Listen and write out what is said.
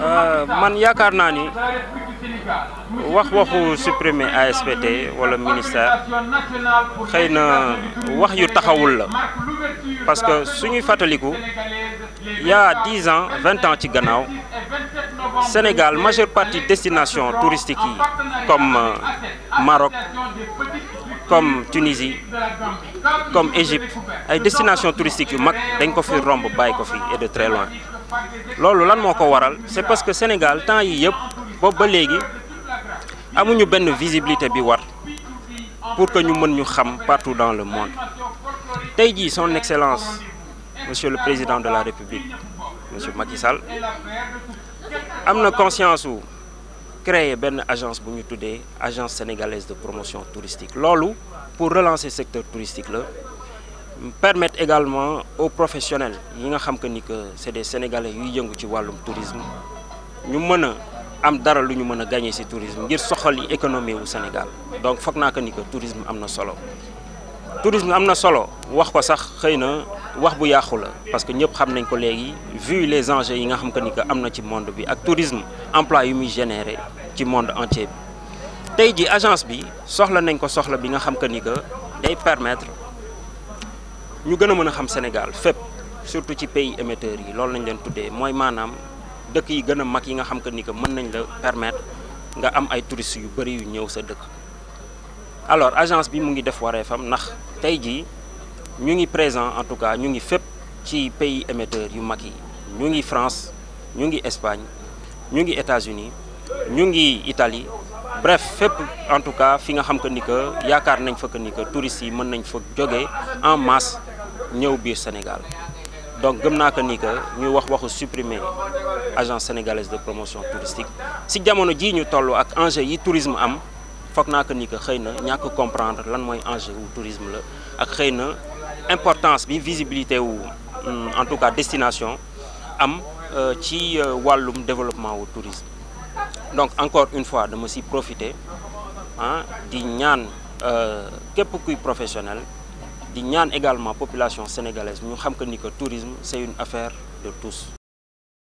Euh, man yaakaar naa ni wax waxu supprimer ASPT wala ministère xëy na wax yu taxawul la parce que suñuy fàttaliku y a dix ans vingt ans ci gannaaw Sénégal majeure partie destination touristique yi comme euh, Maroc comme Tunisie comme Égypte ay destination touristique yu mag dañ ko fi romb bàyyi ko fi et de très loin loolu lan moo ko waral c'est parce que Sénégal temps yi yëpp boobu ba léegi amuñu benn visibilité bi war pour que ñu mën ñu xam partout dans le monde tey jii son excellence monsieur le président de la république monsieur Macky Sall am na conscience wu créer benn agence bu ñu tuddee agence sénégalaise de promotion touristique loolu pour relancer secteur touristique la permettre également aux professionnels yi nga xam que ni que c'est des sénégalais yuy yëngu ci wàllum tourisme ñu mën a am dara lu ñu mën a gagner ci tourisme ngir soxali économie wu Sénégal donc foog naa que ni que tourisme am na solo tourisme am na solo wax ko sax xëy na wax bu yàqu la parce que ñëpp xam nañ ko léegi vu les enjeux yi nga xam que ni que am na ci monde bi ak tourisme emploi yu muy générer ci monde entier bi tey ji agence bi soxla nañ ko soxla bi nga xam que ni que day permettre ñu gën a mën a xam Sénégal fépp surtout ci pays émetteurs yi loolu lañ leen tuddee mooy maanaam dëkk yi gën a mag yi nga xam que ni que mën nañ la permettre nga am ay touristes yu bëri yu ñëw sa dëkk. alors agence bi mu ngi def wareefam ndax tey jii ñu ngi présent en tout cas ñu ngi fépp ci pays émetteurs yu mag yi ñu ngi France ñu ngi Espagne ñu ngi États-Unis ñu ngi Italie. bref fépp en tout cas fi nga xam que ni que yaakaar nañ fa que ni que touristes yi mën nañ fa jóge en masse ñëw biir Sénégal donc gëm naa ko ni que ñuy wax waxu suprimer agence sénégalaise de promotion touristique si jamono jii ñu toll ak enjeu yi tourisme am foog naa ko ni que xëy na ñàkk comprendre lan mooy enjeu wu tourisme la ak xëy na importance bi visibilité wu mm, en tout cas destination am euh, ci euh, wàllum développement wu tourisme donc encore une fois dama si profiter ah di ñaan euh, képp kuy professionnel di ñaan également population sénégalaise ñu xam que ni que tourisme c'est une affaire de tous